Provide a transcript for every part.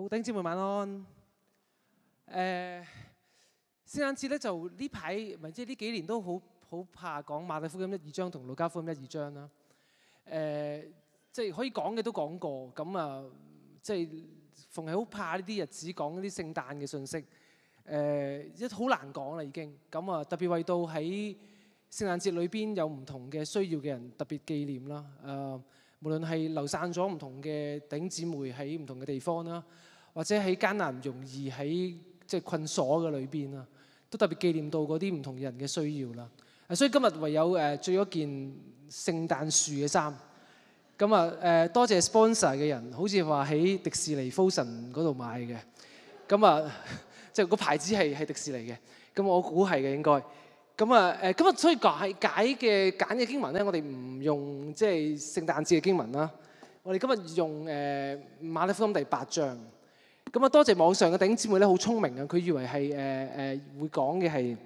好頂姊妹晚安。誒聖誕節咧就呢排，唔係即係呢幾年都好好怕講馬太福音一二章同路加福音一二章啦。誒即係可以講嘅都講過，咁啊即係逢係好怕呢啲日子講嗰啲聖誕嘅信息。誒一好難講啦已經，咁啊特別為到喺聖誕節裏邊有唔同嘅需要嘅人特別紀念啦。誒無論係流散咗唔同嘅頂姊妹喺唔同嘅地方啦。或者喺艱難、容易、喺即係困鎖嘅裏邊啊，都特別紀念到嗰啲唔同人嘅需要啦、呃。所以今日唯有誒著咗件聖誕樹嘅衫。咁啊誒，多謝 sponsor 嘅人，好似話喺迪士尼 fusion 嗰度買嘅。咁、嗯、啊，即係個牌子係係迪士尼嘅。咁、嗯、我估係嘅應該。咁啊誒，今日所以解解嘅揀嘅經文咧，我哋唔用即係聖誕節嘅經文啦。我哋今日用誒、呃、馬太福音第八章。咁啊！多謝網上嘅弟兄姊妹咧，好聰明啊！佢以為係誒誒會講嘅係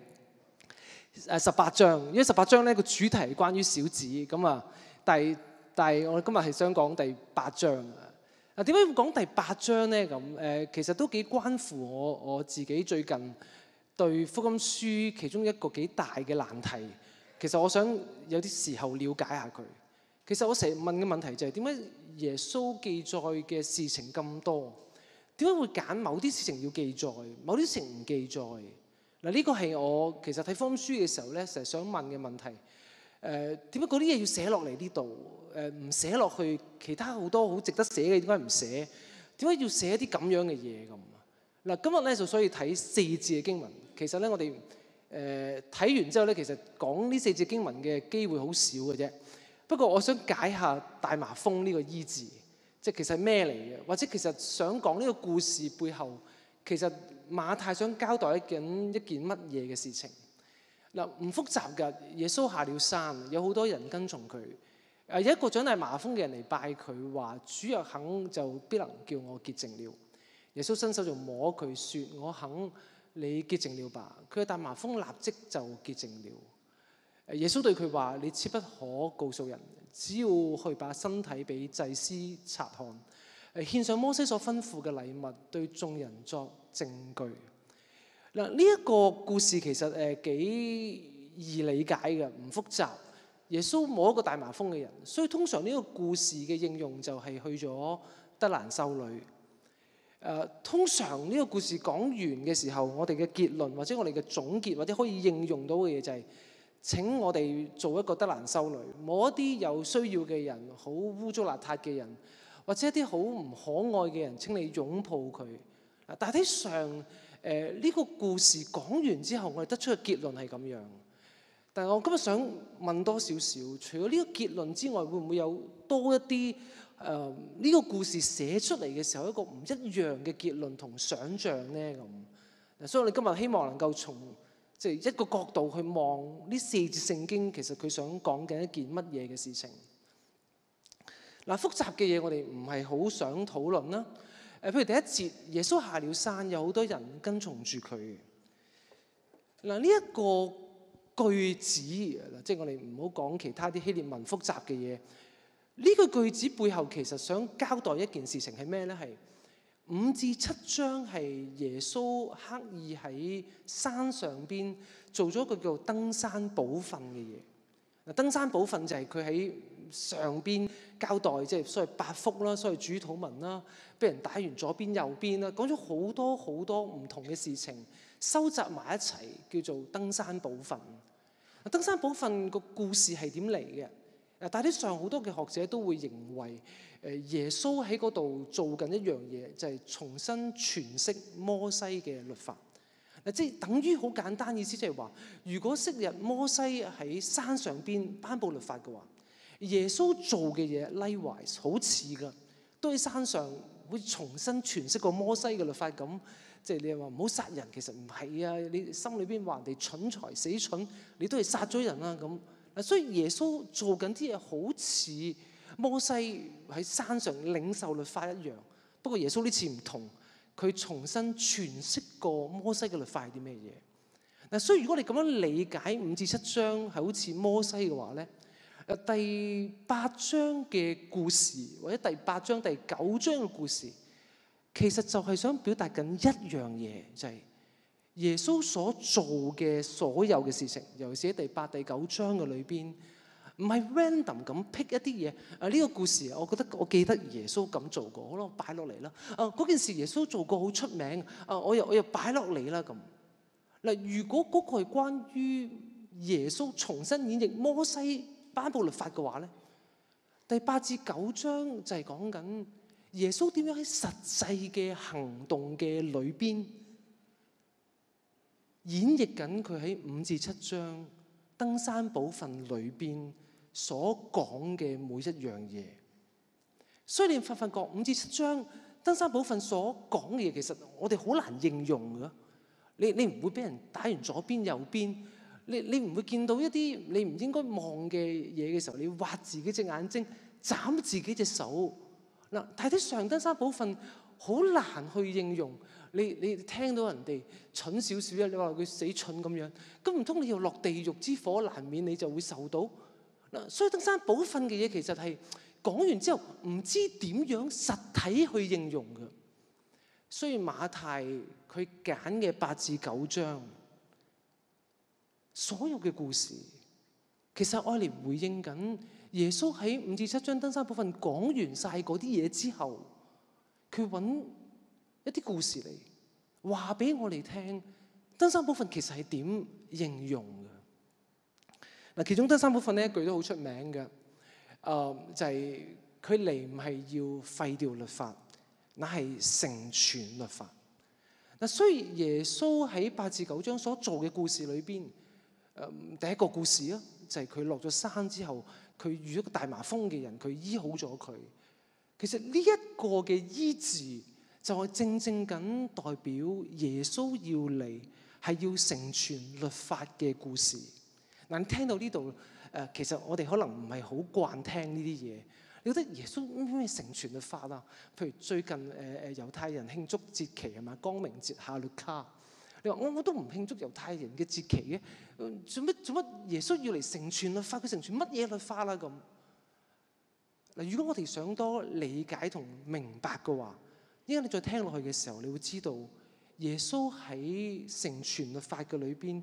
誒十八章，因為十八章咧，個主題係關於小子咁啊。但係但係，我今日係想講第八章啊。點解要講第八章咧？咁誒，其實都幾關乎我我自己最近對福音書其中一個幾大嘅難題。其實我想有啲時候了解下佢。其實我成日問嘅問題就係點解耶穌記載嘅事情咁多？點解會揀某啲事情要記載，某啲事情唔記載？嗱，呢個係我其實睇福音書嘅時候咧，成日想問嘅問題。誒、呃，點解嗰啲嘢要寫落嚟呢度？誒、呃，唔寫落去，其他好多好值得寫嘅應該唔寫？點解要寫啲咁樣嘅嘢咁？嗱，今日咧就所以睇四字嘅經文，其實咧我哋誒睇完之後咧，其實講呢四字經文嘅機會好少嘅啫。不過我想解下大麻風呢個醫治。即其實咩嚟嘅？或者其實想講呢個故事背後，其實馬太想交代緊一件一件乜嘢嘅事情嗱？唔複雜㗎。耶穌下了山，有好多人跟從佢。有一個長大麻風嘅人嚟拜佢，話：主若肯，就必能叫我潔淨了。耶穌伸手就摸佢，説：我肯，你潔淨了吧。佢嘅大麻風立即就潔淨了。耶穌對佢話：你切不可告訴人。只要去把身體俾祭司察看誒，獻上摩西所吩咐嘅禮物，對眾人作證據。嗱，呢一個故事其實誒幾易理解嘅，唔複雜。耶穌摸一個大麻風嘅人，所以通常呢個故事嘅應用就係去咗德蘭修女。誒，通常呢個故事講完嘅時候，我哋嘅結論或者我哋嘅總結或者可以應用到嘅嘢就係。請我哋做一個德蘭修女，冇一啲有需要嘅人，好污糟邋遢嘅人，或者一啲好唔可愛嘅人，請你擁抱佢。嗱，大體上誒呢、呃，呢個故事講完之後，我哋得出嘅結論係咁樣。但係我今日想問多少少，除咗呢個結論之外，會唔會有多一啲誒呢個故事寫出嚟嘅時候一個唔一樣嘅結論同想像呢？咁，所以我哋今日希望能夠從即係一個角度去望呢四節聖經，其實佢想講緊一件乜嘢嘅事情。嗱，複雜嘅嘢我哋唔係好想討論啦。誒，譬如第一節，耶穌下了山，有好多人跟從住佢。嗱，呢一個句子，即係我哋唔好講其他啲希臘文複雜嘅嘢。呢個句子背後其實想交代一件事情係咩咧？係。五至七章係耶穌刻意喺山上邊做咗個叫登山寶訓嘅嘢。嗱，登山寶訓就係佢喺上邊交代，即係所謂八福啦，所謂主禱文啦，俾人打完左邊右邊啦，講咗好多好多唔同嘅事情，收集埋一齊叫做登山寶訓。嗱，登山寶訓個故事係點嚟嘅？嗱，大體上好多嘅學者都會認為。誒耶穌喺嗰度做緊一樣嘢，就係重新詮釋摩西嘅律法。嗱，即係等於好簡單意思，即係話，如果昔日摩西喺山上邊頒布律法嘅話，耶穌做嘅嘢 likewise 好似噶，都喺山上會重新詮釋個摩西嘅律法咁。即係你話唔好殺人，其實唔係啊！你心裏邊話人哋蠢材死蠢，你都係殺咗人啊。咁。嗱，所以耶穌做緊啲嘢好似摩西喺山上領受律法一樣，不過耶穌呢次唔同，佢重新詮釋過摩西嘅律法係啲咩嘢？嗱，所以如果你咁樣理解五至七章係好似摩西嘅話咧，第八章嘅故事或者第八章第九章嘅故事，其實就係想表達緊一樣嘢，就係、是、耶穌所做嘅所有嘅事情，尤其是喺第八第九章嘅裏邊。唔係 random 咁 pick 一啲嘢，啊呢、呢個故事我覺得我記得耶穌咁做過，好咯，擺落嚟啦。啊嗰件事耶穌做過好出名，啊我又我又擺落嚟啦咁。嗱、啊，如果嗰個係關於耶穌重新演繹摩西頒布律法嘅話咧，第八至九章就係講緊耶穌點樣喺實際嘅行動嘅裏邊演繹緊佢喺五至七章登山寶訓裏邊所講嘅每一樣嘢，所以你發發覺五至七章登山寶訓所講嘅嘢，其實我哋好難應用㗎。你你唔會俾人打完左邊右邊，你你唔會見到一啲你唔應該望嘅嘢嘅時候，你挖自己隻眼睛，斬自己隻手。嗱，睇睇上登山寶訓好難去應用。你你聽到人哋蠢少少咧，你話佢死蠢咁樣，咁唔通你要落地獄之火難免，你就會受到？所以登山寶訓嘅嘢，其實係講完之後唔知點樣實體去應用嘅。所以馬太佢揀嘅八至九章，所有嘅故事，其實愛嚟回應緊耶穌喺五至七章登山寶訓講完曬啲嘢之後，佢揾一啲故事嚟話俾我哋聽，登山寶訓其實係點應用嘅。嗱，其中得三部分呢，一句都好出名嘅，誒、呃、就係佢嚟唔係要廢掉律法，乃係成全律法。嗱、呃，雖然耶穌喺八至九章所做嘅故事裏邊，誒、呃、第一個故事啊，就係佢落咗山之後，佢遇咗個大麻風嘅人，佢醫好咗佢。其實呢一個嘅醫治，就係正正緊代表耶穌要嚟係要成全律法嘅故事。嗱，但你聽到呢度，誒、呃，其實我哋可能唔係好慣聽呢啲嘢。你覺得耶穌咩成全律法啦？譬如最近誒誒猶太人慶祝節期係咪光明節、下律卡？你話我我都唔慶祝猶太人嘅節期嘅，做乜做乜？耶穌要嚟成全律法，佢成全乜嘢律法啦？咁嗱，如果我哋想多理解同明白嘅話，依家你再聽落去嘅時候，你會知道耶穌喺成全律法嘅裏邊。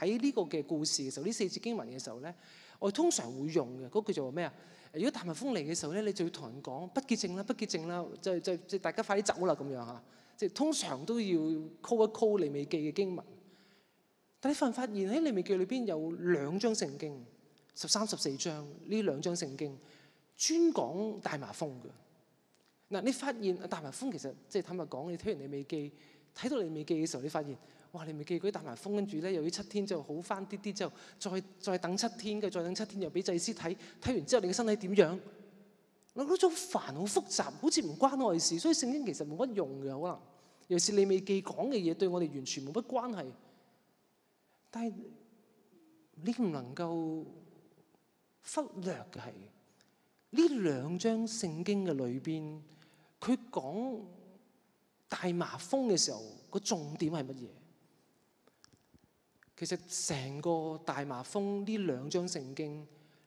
喺呢個嘅故事嘅時候，呢四節經文嘅時候咧，我通常會用嘅嗰、那個叫做咩啊？如果大麻風嚟嘅時候咧，你就要同人講不潔淨啦，不潔淨啦，即係即係即係大家快啲走啦咁樣嚇。即係通常都要 call 一 call 利未記嘅經文。但係發唔發現喺利未記裏邊有兩章聖經，十三十四章呢兩章聖經專講大麻風嘅。嗱、啊，你發現大麻風其實即係坦白講，你聽完利未記睇到利未記嘅時候，你發現。哇！你咪記嗰啲大麻風，跟住咧又要七天就好返啲啲之後再，再再等七天嘅，再等七天又俾祭司睇睇完之後，你嘅身體點樣？嗰種煩好複雜，好似唔關我哋事，所以聖經其實冇乜用嘅可能。尤其是你未記講嘅嘢，對我哋完全冇乜關係。但係你唔能夠忽略嘅係呢兩章聖經嘅裏邊，佢講大麻風嘅時候個重點係乜嘢？其實成個大麻風，呢兩章聖經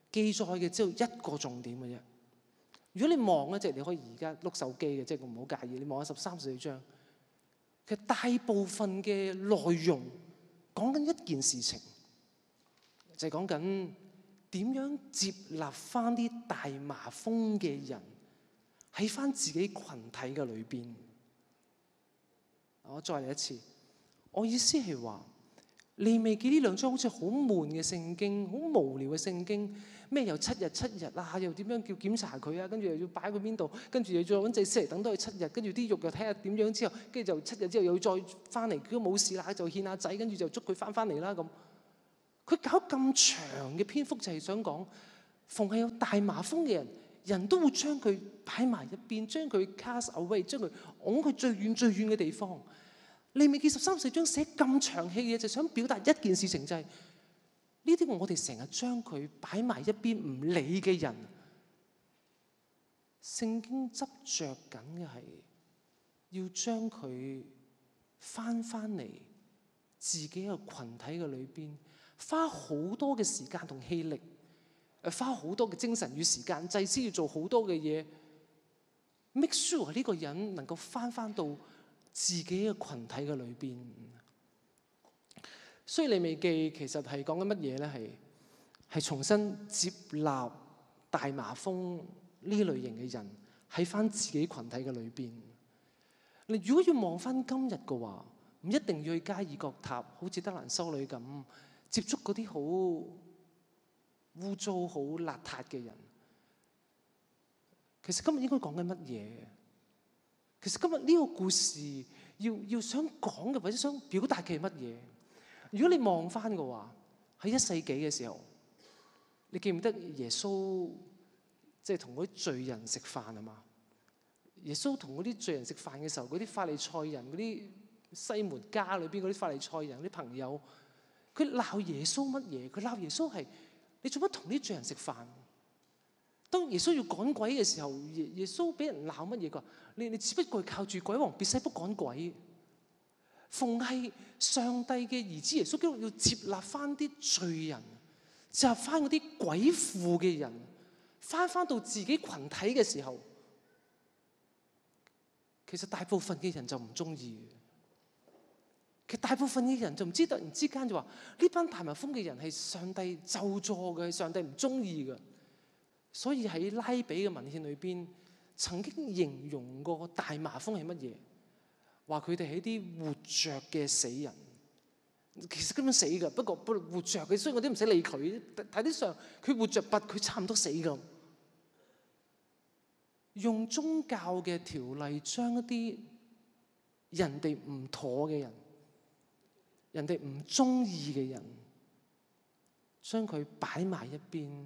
記載嘅只有一個重點嘅啫。如果你望一隻，你可以而家碌手機嘅，即係唔好介意。你望下十三四章，其實大部分嘅內容講緊一件事情，就係講緊點樣接納翻啲大麻風嘅人喺翻自己群體嘅裏邊。我再嚟一次，我意思係話。你未見呢兩章好似好悶嘅聖經，好無聊嘅聖經。咩又七日七日啊？又點樣叫檢查佢啊？跟住又要擺喺邊度？跟住又再揾隻蛇嚟等到佢七日。跟住啲肉又睇下點樣之後，跟住就七日之後又再翻嚟。如果冇事啦，就獻下仔，跟住就捉佢翻翻嚟啦咁。佢搞咁長嘅篇幅就係想講，逢係有大麻風嘅人，人都會將佢擺埋入邊，將佢 cast away，將佢拱佢最遠最遠嘅地方。你未見十三四章寫咁長氣嘢，就想表達一件事情，情就係呢啲我哋成日將佢擺埋一邊唔理嘅人，聖經執着緊嘅係要將佢翻翻嚟自己一個群體嘅裏邊，花好多嘅時間同氣力，誒花好多嘅精神與時間，祭司要做好多嘅嘢，make sure 呢個人能夠翻翻到。自己嘅群體嘅裏邊，雖然你未記，其實係講緊乜嘢咧？係係重新接納大麻風呢類型嘅人喺翻自己群體嘅裏邊。你如果要望翻今日嘅話，唔一定要去加爾各塔，好似德蘭修女咁接觸嗰啲好污糟、好邋遢嘅人。其實今日應該講緊乜嘢？其實今日呢個故事要要想講嘅或者想表達嘅係乜嘢？如果你望翻嘅話，喺一世紀嘅時候，你記唔得耶穌即係同嗰啲罪人食飯啊嘛？耶穌同嗰啲罪人食飯嘅時候，嗰啲法利賽人、嗰啲西門家裏邊嗰啲法利賽人、嗰啲朋友，佢鬧耶穌乜嘢？佢鬧耶穌係你做乜同啲罪人食飯？當耶穌要趕鬼嘅時候，耶穌俾人鬧乜嘢噶？你你只不過靠住鬼王別西卜趕鬼，逢係上帝嘅兒子耶穌，要接納翻啲罪人，接納翻嗰啲鬼附嘅人，翻翻到自己群體嘅時候，其實大部分嘅人就唔中意。其實大部分嘅人就唔知突然之間就話呢班大麻風嘅人係上帝救助嘅，上帝唔中意嘅。所以喺拉比嘅文獻裏邊，曾經形容過大麻風係乜嘢？話佢哋係啲活著嘅死人，其實根本死噶，不過不活著嘅，所以我啲唔使理佢。睇啲相，佢活著，不佢差唔多死㗎。用宗教嘅條例，將一啲人哋唔妥嘅人，人哋唔中意嘅人，將佢擺埋一邊。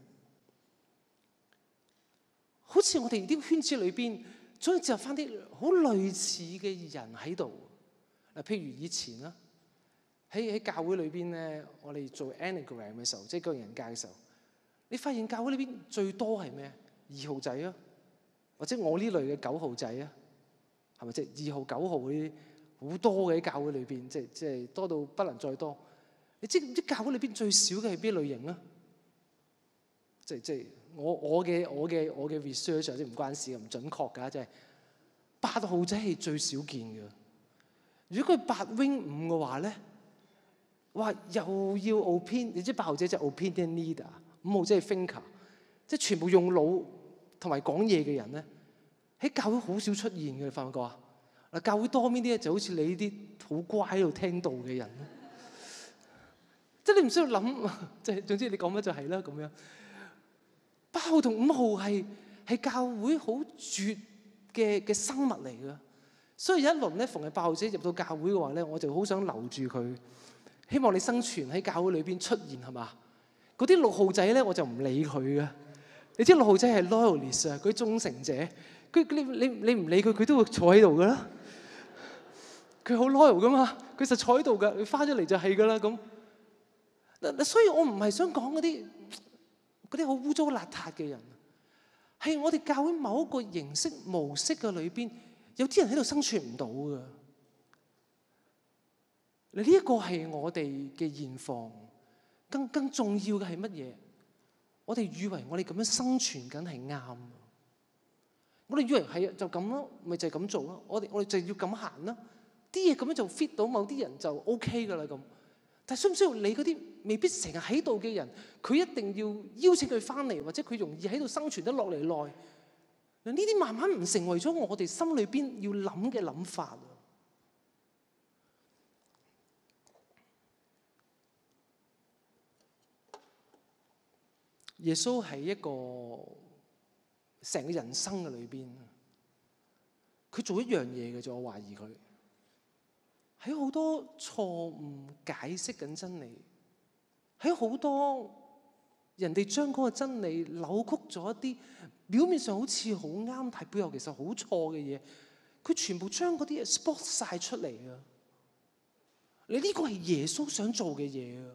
好似我哋啲圈子裏邊，都接翻啲好類似嘅人喺度。嗱，譬如以前啦，喺喺教會裏邊咧，我哋做 Anagram 嘅時候，即係個人介嘅時候，你發現教會裏邊最多係咩？二號仔啊？或者我呢類嘅九號仔啊，係咪即係二號九號嗰啲好多嘅？喺教會裏邊即係即係多到不能再多。你知唔知教會裏邊最少嘅係邊類型啊？即係即係。就是我我嘅我嘅我嘅 research 有啲唔關事嘅，唔準確㗎，即係八號仔係最少見嘅。如果佢八 wing 五嘅話咧，哇又要 opinion！你知八號仔就 opinion 嘅 leader，五號仔係 thinker，即係全部用腦同埋講嘢嘅人咧，喺教會好少出現嘅，你唔發覺啊？嗱，教會多呢啲咧，就好似你啲好乖喺度聽到嘅人 即係你唔需要諗，即係總之你講乜就係啦咁樣。八號同五號係係教會好絕嘅嘅生物嚟㗎，所以有一輪咧，逢係八號仔入到教會嘅話咧，我就好想留住佢，希望你生存喺教會裏邊出現係嘛？嗰啲六號仔咧，我就唔理佢嘅。你知六號仔係 loyalist 啊，嗰忠誠者，佢你你你唔理佢，佢都會坐喺度㗎啦。佢好 loyal 㗎嘛，佢就坐喺度㗎，你翻咗嚟就係㗎啦咁。所以我唔係想講嗰啲。嗰啲好污糟邋遢嘅人，係我哋教會某一個形式模式嘅裏邊，有啲人喺度生存唔到噶。你呢一個係我哋嘅現況，更更重要嘅係乜嘢？我哋以為我哋咁樣生存緊係啱，我哋以為係就咁咯，咪就係咁做咯。我哋我哋就要咁行咯，啲嘢咁樣就 fit 到某啲人就 OK 噶啦咁。但係需唔需要你嗰啲？未必成日喺度嘅人，佢一定要邀請佢翻嚟，或者佢容易喺度生存得落嚟耐。嗱呢啲慢慢唔成為咗我哋心裏邊要諗嘅諗法。耶穌喺一個成個人生嘅裏邊，佢做一樣嘢嘅就。我懷疑佢喺好多錯誤解釋緊真理。喺好多人哋將嗰個真理扭曲咗一啲，表面上好似好啱睇，但背後其實好錯嘅嘢，佢全部將嗰啲嘢 spot 晒出嚟啊！你、這、呢個係耶穌想做嘅嘢啊，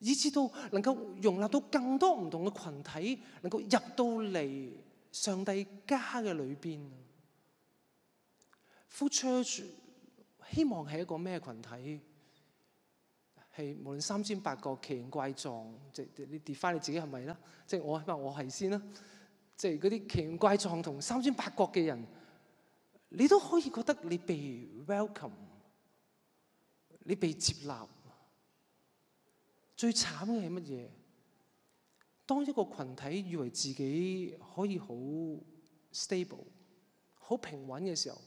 以至到能夠容納到更多唔同嘅群體，能夠入到嚟上帝家嘅裏邊。 flow church 希望係一個咩群體？係，無論三尖八角奇形怪狀，即係你 define 你自己係咪啦？即係我起碼我係先啦。即係嗰啲奇形怪狀同三尖八角嘅人，你都可以覺得你被 welcome，你被接納。最慘嘅係乜嘢？當一個群體以為自己可以好 stable、好平穩嘅時候，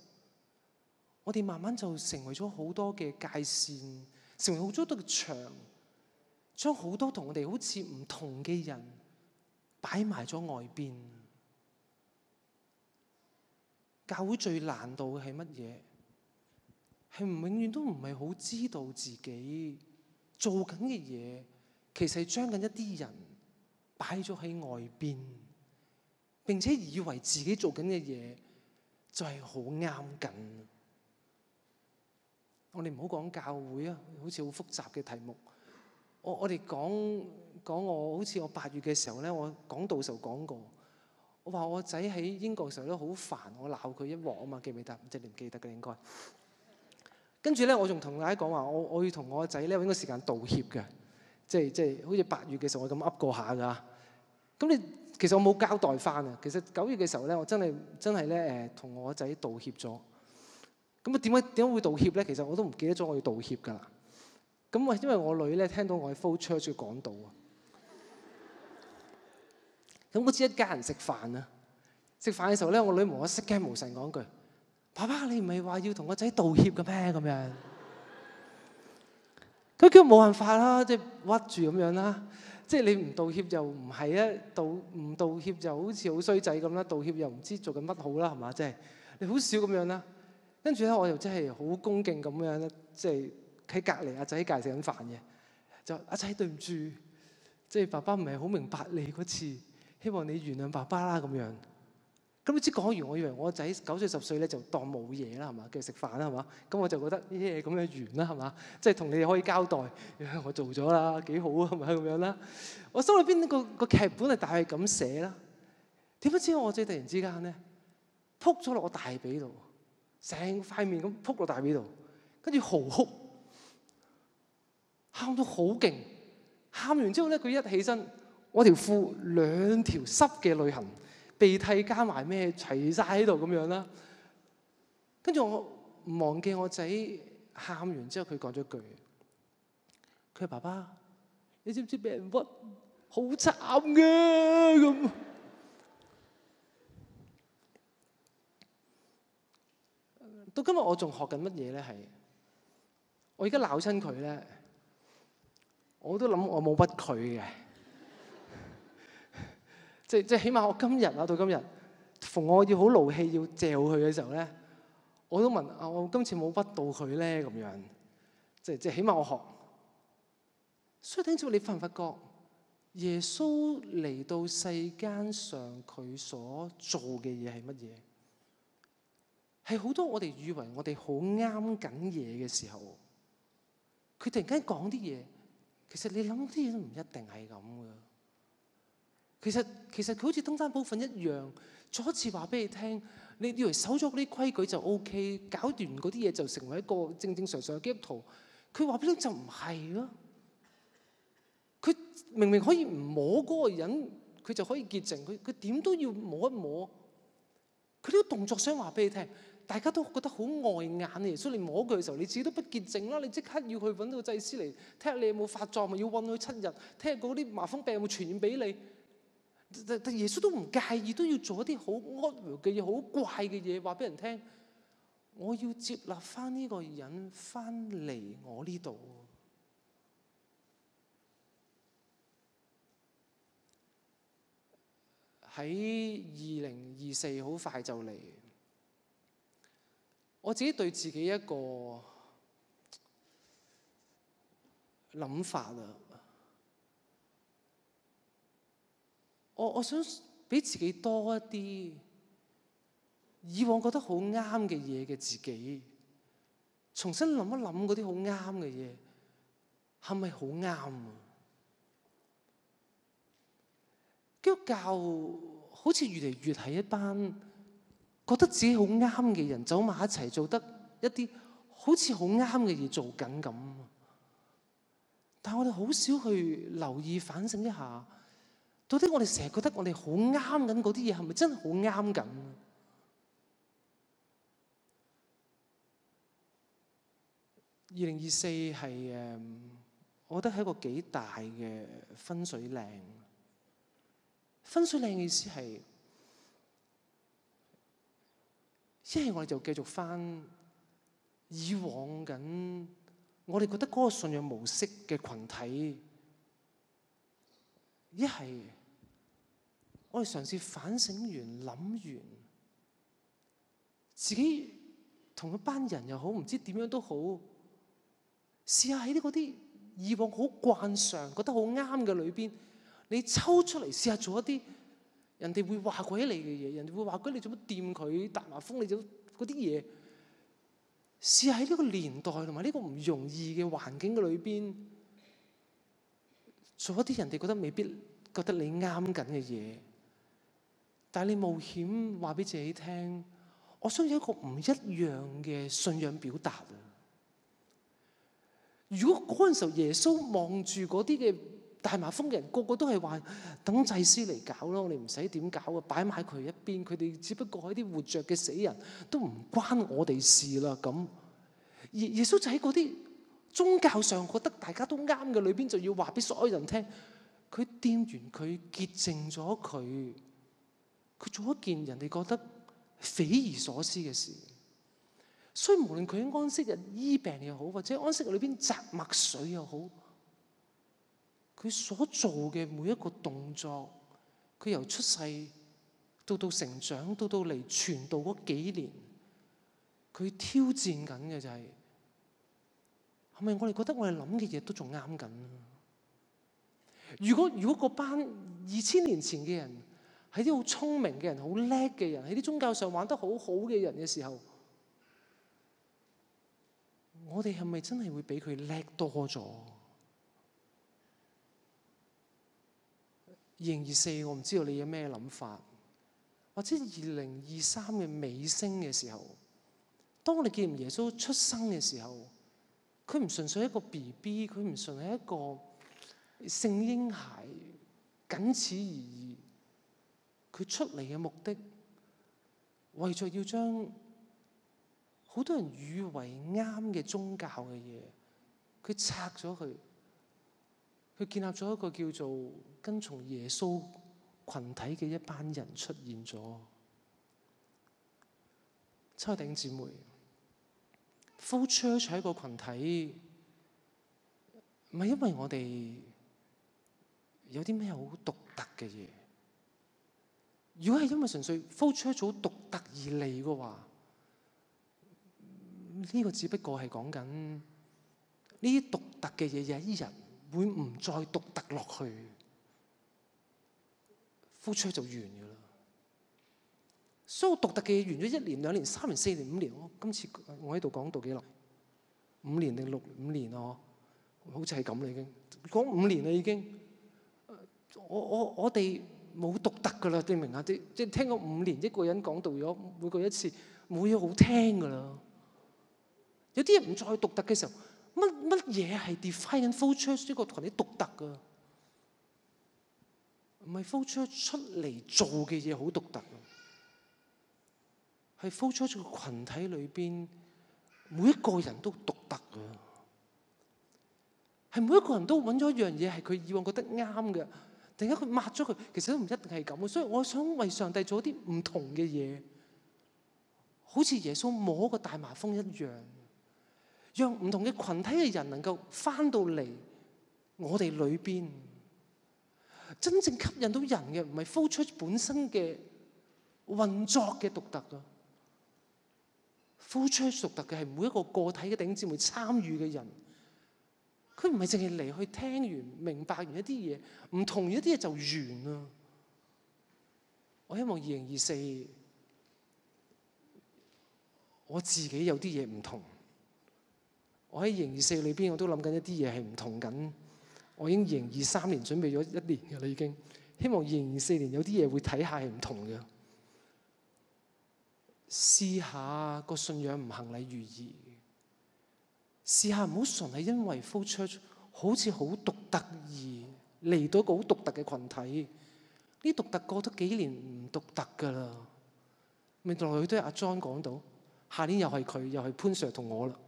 我哋慢慢就成為咗好多嘅界線。成為好咗道牆，將好多同我哋好似唔同嘅人擺埋咗外邊。教會最難度嘅係乜嘢？係唔永遠都唔係好知道自己做緊嘅嘢，其實係將緊一啲人擺咗喺外邊，並且以為自己做緊嘅嘢就係好啱緊。我哋唔好講教會啊，好似好複雜嘅題目。我我哋講講我好似我八月嘅時候咧，我講道時候講過。我話我仔喺英國嘅時候都好煩，我鬧佢一鑊啊嘛，記唔記得？即係你唔記得嘅應該。跟住咧，我仲同大家講話，我我要同我仔咧，應該時間道歉嘅。即係即係好似八月嘅時候我咁噏過下㗎。咁你其實我冇交代翻啊。其實九月嘅時候咧，我真係真係咧誒，同、呃、我仔道歉咗。咁啊，點解點解會道歉咧？其實我都唔記得咗我要道歉噶啦。咁啊，因為我女咧聽到我喺 flow church 講道啊。咁，嗯，我知一家人食飯啊，食飯嘅時候咧，我女同我失驚無神講句：爸爸，你唔係話要同個仔道歉嘅咩？咁樣。佢叫冇辦法啦，即係屈住咁樣啦。即係你唔道歉就唔係啊，道唔道歉就好似好衰仔咁啦。道歉又唔知做緊乜好啦，係嘛？即係你好少咁樣啦。跟住咧，我又真係好恭敬咁樣咧，即係喺隔離阿仔喺隔離食緊飯嘅，就阿仔，對唔住，即係爸爸唔係好明白你嗰次，希望你原諒爸爸啦咁樣。咁你知講完，我以為我仔九歲十歲咧就當冇嘢啦，係嘛？繼續食飯啦，係嘛？咁、嗯、我就覺得呢嘢咁樣完啦，係嘛？即係同你哋可以交代，我做咗啦，幾好啊，係咪咁樣啦？我心裏邊、嗰個、嗰個劇本係大係咁寫啦。點不知我仔突然之間咧，撲咗落我大髀度。成塊面咁撲落大髀度，跟住嚎哭，喊到好勁。喊完之後咧，佢一起身，我條褲兩條濕嘅淚痕，鼻涕加埋咩，齊晒喺度咁樣啦。跟住我忘記我仔喊完之後，佢講咗句：佢話爸爸，你知唔知俾人屈？好慘㗎咁。到今日我仲學緊乜嘢咧？係我而家鬧親佢咧，我都諗我冇屈佢嘅，即 即起碼我今日啊到今日，逢我要好勞氣要嚼佢嘅時候咧，我都問啊、哦、我今次冇屈到佢咧咁樣，即即起碼我學。所以聽朝你發唔發覺耶穌嚟到世間上佢所做嘅嘢係乜嘢？係好多我哋以為我哋好啱緊嘢嘅時候，佢突然間講啲嘢，其實你諗啲嘢都唔一定係咁嘅。其實其實佢好似登山寶訓一樣，再一次話俾你聽，你以為守咗嗰啲規矩就 OK，搞掂嗰啲嘢就成為一個正正常常嘅基督徒，佢話俾你聽就唔係咯。佢明明可以唔摸嗰個人，佢就可以潔淨，佢佢點都要摸一摸。佢呢個動作想話俾你聽。大家都覺得好礙眼嘅，耶穌你摸佢嘅時候，你自己都不潔淨啦，你即刻要去揾到個祭司嚟睇下你有冇發作，咪要困佢七日，睇下嗰啲麻風病有冇傳染俾你。但但耶穌都唔介意，都要做一啲好惡嘅嘢，好怪嘅嘢，話俾人聽。我要接納翻呢個人翻嚟我呢度。喺二零二四好快就嚟。我自己對自己一個諗法啦，我我想俾自己多一啲以往覺得好啱嘅嘢嘅自己，重新諗一諗嗰啲好啱嘅嘢，係咪好啱啊？基督教好似越嚟越係一班。覺得自己好啱嘅人走埋一齊，做得一啲好似好啱嘅嘢做緊咁。但我哋好少去留意反省一下，到底我哋成日覺得我哋好啱緊嗰啲嘢，係咪真係好啱咁？二零二四係誒，我覺得係一個幾大嘅分水嶺。分水嶺嘅意思係。一係我哋就繼續翻以往緊，我哋覺得嗰個信仰模式嘅群體，一係我哋嘗試反省完、諗完，自己同一班人又好，唔知點樣都好，試下喺啲嗰啲以往好慣常、覺得好啱嘅裏邊，你抽出嚟試下做一啲。人哋會話鬼你嘅嘢，人哋會話鬼你做乜掂佢大麻風你，你就嗰啲嘢，試喺呢個年代同埋呢個唔容易嘅環境嘅裏邊，做一啲人哋覺得未必覺得你啱緊嘅嘢，但係你冒險話俾自己聽，我相信一個唔一樣嘅信仰表達啊！如果嗰時候耶穌望住嗰啲嘅。大麻瘋人個個都係話等祭司嚟搞咯，你唔使點搞嘅，擺埋佢一邊，佢哋只不過係啲活着嘅死人都唔關我哋事啦咁。而耶穌就喺嗰啲宗教上覺得大家都啱嘅裏邊，裏面就要話俾所有人聽，佢掂完佢潔淨咗佢，佢做一件人哋覺得匪夷所思嘅事。所以無論佢喺安息日醫病又好，或者安息日裏邊摘麥穗又好。佢所做嘅每一個動作，佢由出世到到成長，到到嚟傳道嗰幾年，佢挑戰緊嘅就係係咪我哋覺得我哋諗嘅嘢都仲啱緊啊？如果如果個班二千年前嘅人係啲好聰明嘅人、好叻嘅人、喺啲宗教上玩得好好嘅人嘅時候，我哋係咪真係會比佢叻多咗？二零二四，2024，我唔知道你有咩諗法，或者二零二三嘅尾聲嘅時候，當你見耶穌出生嘅時候，佢唔純粹係一個 BB，佢唔純係一個聖嬰孩，僅此而已。佢出嚟嘅目的，為咗要將好多人以為啱嘅宗教嘅嘢，佢拆咗佢。佢建立咗一個叫做跟從耶穌群體嘅一班人出現咗。差頂姊妹，flow church 喺一個羣體，唔係因為我哋有啲咩好獨特嘅嘢。如果係因為純粹 flow church 好獨特而嚟嘅話，呢、這個只不過係講緊呢啲獨特嘅嘢有一日，會唔再獨特落去？呼出就完噶啦。所有獨特嘅完咗一年、兩年、三年、四年、五年，我今次我喺度講到幾耐？五年定六年、哦、五年啊？好似係咁已嘅，講五年啦已經。我我我哋冇獨特噶啦，明唔明啊，即、就、即、係、聽過五年一個人講到咗每個一次，冇嘢好聽噶啦。有啲嘢唔再獨特嘅時候。乜嘢係 define 緊 flow church 呢個群體獨特噶？唔係 flow church 出嚟做嘅嘢好獨特，係 flow church 個群體裏邊每一個人都獨特噶係每一個人都揾咗一樣嘢係佢以往覺得啱嘅，突然間佢抹咗佢，其實都唔一定係咁，所以我想為上帝做啲唔同嘅嘢，好似耶穌摸個大麻風一樣。讓唔同嘅群體嘅人能夠翻到嚟我哋裏邊，真正吸引到人嘅唔係 flow church 本身嘅運作嘅獨特噶，flow church 獨特嘅係每一個個體嘅頂尖會參與嘅人，佢唔係淨係嚟去聽完明白完一啲嘢，唔同一啲嘢就完啦。我希望二零二四，我自己有啲嘢唔同。我喺二零二四裏邊，我都諗緊一啲嘢係唔同緊。我已經二零二三年準備咗一年嘅啦，已經希望二零二四年有啲嘢會睇下係唔同嘅。試下個信仰唔行禮如儀，試下唔好純係因為 flow church，好似好獨特而嚟到一個好獨特嘅群體。呢獨特過咗幾年唔獨特噶啦，咪來來去去都係阿 John 講到，下年又係佢，又係潘 Sir 同我啦。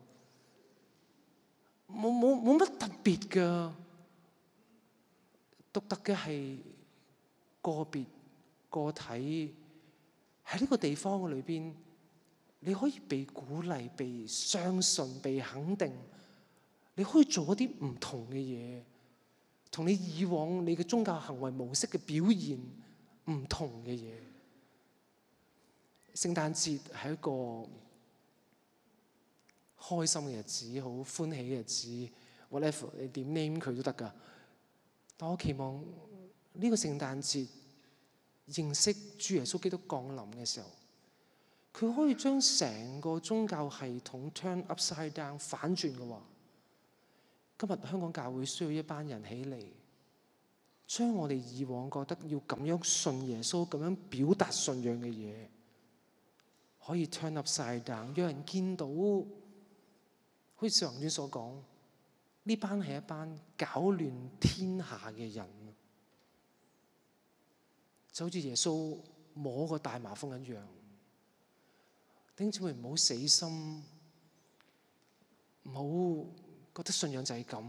冇冇冇乜特別㗎，獨特嘅係個別個體喺呢個地方嘅裏邊，你可以被鼓勵、被相信、被肯定，你可以做一啲唔同嘅嘢，同你以往你嘅宗教行為模式嘅表現唔同嘅嘢。聖誕節係一個開心嘅日子，好歡喜嘅日子，whatever，你點 name 佢都得㗎。但我期望呢個聖誕節認識主耶穌基督降臨嘅時候，佢可以將成個宗教系統 turn upside down 反轉㗎。今日香港教會需要一班人起嚟，將我哋以往覺得要咁樣信耶穌、咁樣表達信仰嘅嘢，可以 turn upside down，讓人見到。好似上卷所講，呢班係一班搞亂天下嘅人，就好似耶穌摸個大麻風一樣。丁子榮，唔好死心，唔好覺得信仰就係咁，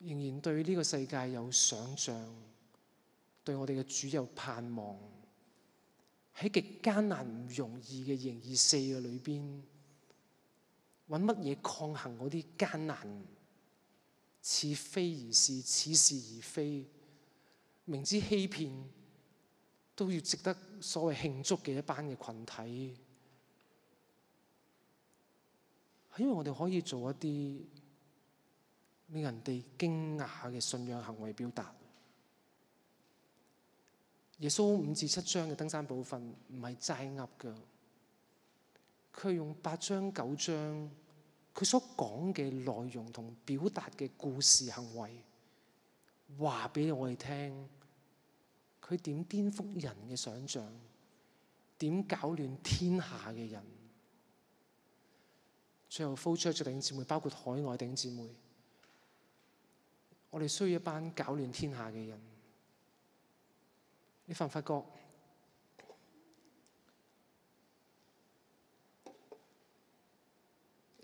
仍然對呢個世界有想像，對我哋嘅主有盼望，喺極艱難唔容易嘅二零二四嘅裏邊。搵乜嘢抗衡嗰啲艱難？似非而是，似是而非，明知欺騙都要值得所謂慶祝嘅一班嘅群體，係因為我哋可以做一啲令人哋驚訝嘅信仰行為表達。耶穌五至七章嘅登山部分唔係齋噏㗎。佢用八章九章，佢所講嘅內容同表達嘅故事行為，話俾我哋聽，佢點顛覆人嘅想像，點搞亂天下嘅人。最後，flow church 嘅姊妹，包括海外嘅姊妹，我哋需要一班搞亂天下嘅人。你發唔發覺？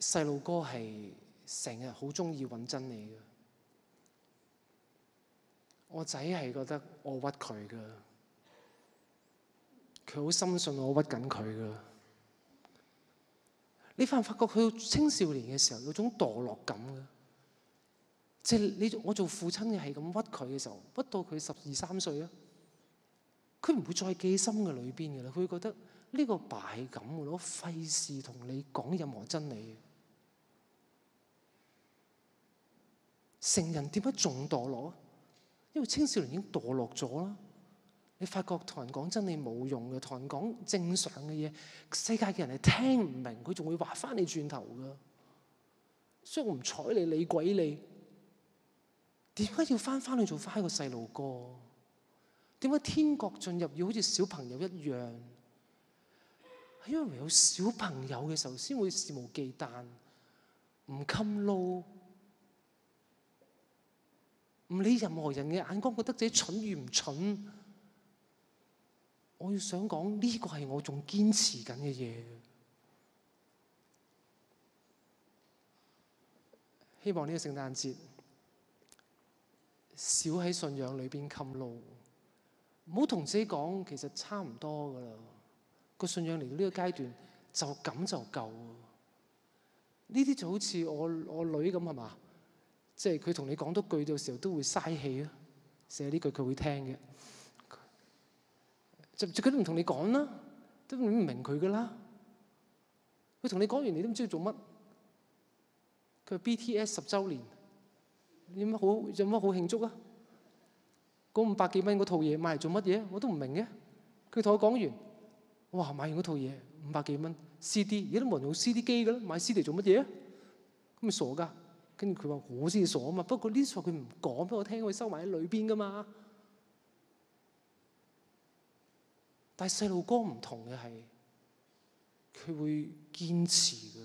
細路哥係成日好中意揾真理嘅。我仔係覺得我屈佢嘅，佢好深信我屈緊佢嘅。你發唔發覺佢青少年嘅時候有種墮落感嘅？即係你我做父親嘅係咁屈佢嘅時候，屈到佢十二三歲啊，佢唔會再記心嘅裏邊嘅啦。佢會覺得呢個爸係咁嘅咯，費事同你講任何真理。成人點解仲墮落啊？因為青少年已經墮落咗啦。你發覺同人講真係冇用嘅，同人講正常嘅嘢，世界嘅人係聽唔明，佢仲會話翻你轉頭噶。所以我唔睬你，你鬼理鬼你。點解要翻返去做翻個細路哥？點解天國進入要好似小朋友一樣？係因為唯有小朋友嘅時候先會肆無忌憚，唔襟撈。唔理任何人嘅眼光，覺得自己蠢與唔蠢，我要想講呢個係我仲堅持緊嘅嘢。希望呢個聖誕節少喺信仰裏邊撳路，唔好同自己講其實差唔多噶啦。個信仰嚟到呢個階段就咁就夠。呢啲就好似我我女咁係嘛？即係佢同你講多句嘅時候都會嘥氣咯，寫呢句佢會聽嘅，就佢都唔同你講啦，都唔明佢噶啦。佢同你講完你都唔知道做乜。佢話 BTS 十周年，有乜好有乜好慶祝啊？嗰五百幾蚊嗰套嘢買嚟做乜嘢？我都唔明嘅。佢同我講完，哇買完嗰套嘢五百幾蚊 CD，而家都冇人用 CD 機噶啦，買 CD 做乜嘢啊？咁咪傻噶。跟住佢話我先傻啊嘛，不過呢，傻佢唔講俾我聽，佢收埋喺裏邊噶嘛。但係細路哥唔同嘅係，佢會堅持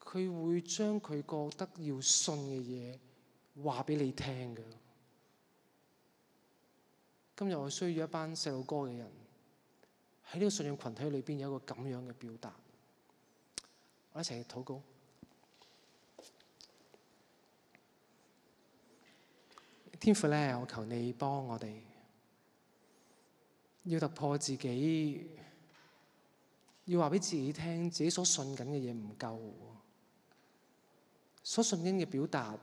噶，佢會將佢覺得要信嘅嘢話俾你聽噶。今日我需要一班細路哥嘅人喺呢個信仰群體裏邊有一個咁樣嘅表達，我一齊禱告。天父咧，我求你幫我哋要突破自己，要話俾自己聽，自己所信緊嘅嘢唔夠，所信緊嘅表達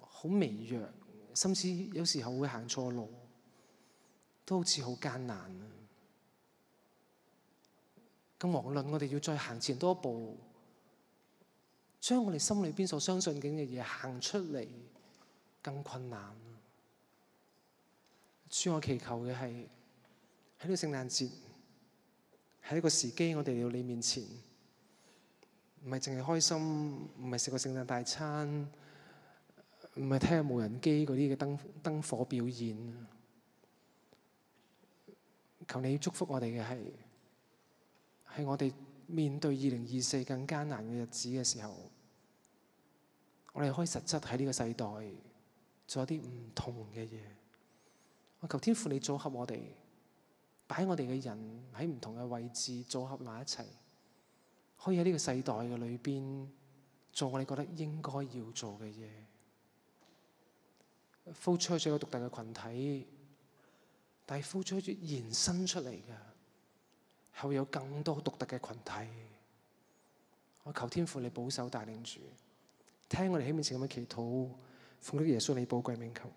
好微弱，甚至有時候會行錯路，都好似好艱難啊！咁無論我哋要再行前多一步，將我哋心裏邊所相信緊嘅嘢行出嚟，更困難。主，我祈求嘅係喺呢個聖誕節，喺一個時機，我哋到你面前，唔係淨係開心，唔係食個聖誕大餐，唔係睇下無人機嗰啲嘅燈燈火表演。求你祝福我哋嘅係，係我哋面對二零二四更艱難嘅日子嘅時候，我哋可以實質喺呢個世代做一啲唔同嘅嘢。我求天父你組合我哋，擺我哋嘅人喺唔同嘅位置組合埋一齊，可以喺呢個世代嘅裏邊做我哋覺得應該要做嘅嘢。flow church 最有獨特嘅群體，但係 flow church 越延伸出嚟嘅，係會有更多獨特嘅群體。我求天父你保守帶領住，聽我哋喺面前咁樣祈禱，奉主耶穌你寶貴名求。